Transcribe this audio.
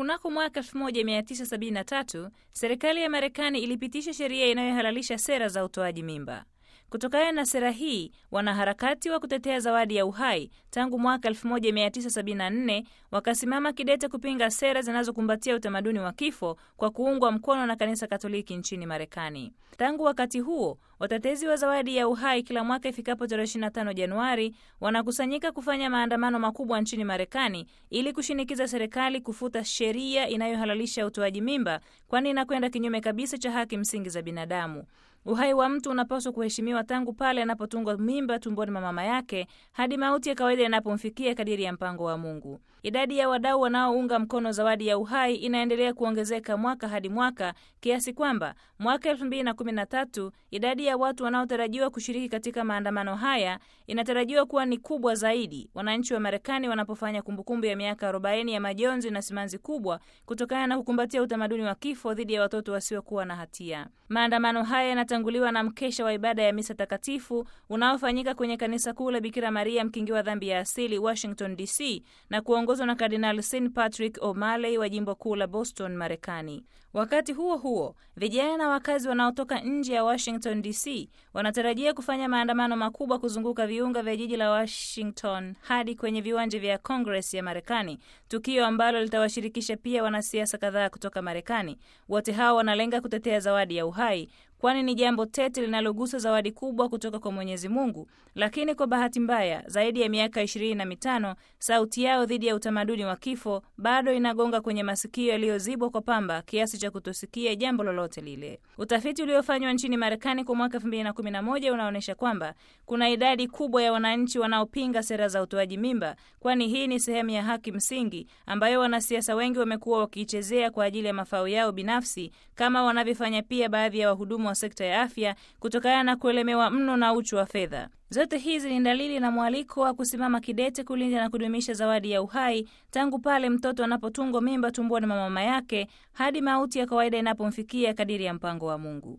Kunako mwaka 1973 serikali ya Marekani ilipitisha sheria inayohalalisha sera za utoaji mimba. Kutokana na sera hii, wanaharakati wa kutetea zawadi ya uhai tangu mwaka 1974 wakasimama kidete kupinga sera zinazokumbatia utamaduni wa kifo kwa kuungwa mkono na kanisa Katoliki nchini Marekani. Tangu wakati huo Watetezi wa zawadi ya uhai kila mwaka ifikapo tarehe 25 Januari wanakusanyika kufanya maandamano makubwa nchini Marekani ili kushinikiza serikali kufuta sheria inayohalalisha utoaji mimba, kwani inakwenda kinyume kabisa cha haki msingi za binadamu. Uhai wa mtu unapaswa kuheshimiwa tangu pale anapotungwa mimba tumboni mwa mama yake hadi mauti ya kawaida yanapomfikia kadiri ya mpango wa Mungu. Idadi ya wadau wanaounga mkono zawadi ya uhai inaendelea kuongezeka mwaka hadi mwaka kiasi kwamba mwaka 2013 idadi ya watu wanaotarajiwa kushiriki katika maandamano haya inatarajiwa kuwa ni kubwa zaidi wananchi wa Marekani wanapofanya kumbukumbu ya miaka 40 ya majonzi na simanzi kubwa kutokana na kukumbatia utamaduni wa kifo dhidi ya watoto wasiokuwa na hatia. Maandamano haya yanatanguliwa na mkesha wa ibada ya misa takatifu unaofanyika kwenye kanisa kuu la Bikira Maria mkingi wa dhambi ya asili Washington DC, na kuongozwa na Kardinal St Patrick o'maley wa jimbo kuu la Boston, Marekani. Wakati huo huo, vijana na wakazi wanaotoka nje ya Washington DC wanatarajia kufanya maandamano makubwa kuzunguka viunga vya jiji la Washington hadi kwenye viwanja vya Congress ya Marekani, tukio ambalo litawashirikisha pia wanasiasa kadhaa kutoka Marekani. Wote hao wanalenga kutetea zawadi ya uhai, kwani ni jambo tete linalogusa zawadi kubwa kutoka kwa Mwenyezi Mungu. Lakini kwa bahati mbaya, zaidi ya miaka ishirini na mitano sauti yao dhidi ya utamaduni wa kifo bado inagonga kwenye masikio yaliyozibwa kwa pamba kiasi cha kutosikia jambo lolote lile. Utafiti uliofanywa nchini Marekani kwa mwaka 2011 unaonyesha kwamba kuna idadi kubwa ya wananchi wanaopinga sera za utoaji mimba, kwani hii ni sehemu ya haki msingi ambayo wanasiasa wengi wamekuwa wakiichezea kwa ajili ya mafao yao binafsi, kama wanavyofanya pia baadhi ya wahudumu wa sekta ya afya kutokana na kuelemewa mno na uchu wa fedha. Zote hizi ni dalili na mwaliko wa kusimama kidete kulinda na kudumisha zawadi ya uhai tangu pale mtoto anapotungwa mimba tumboni mwa mama yake hadi mauti ya kawaida inapomfikia kadiri ya mpango wa Mungu.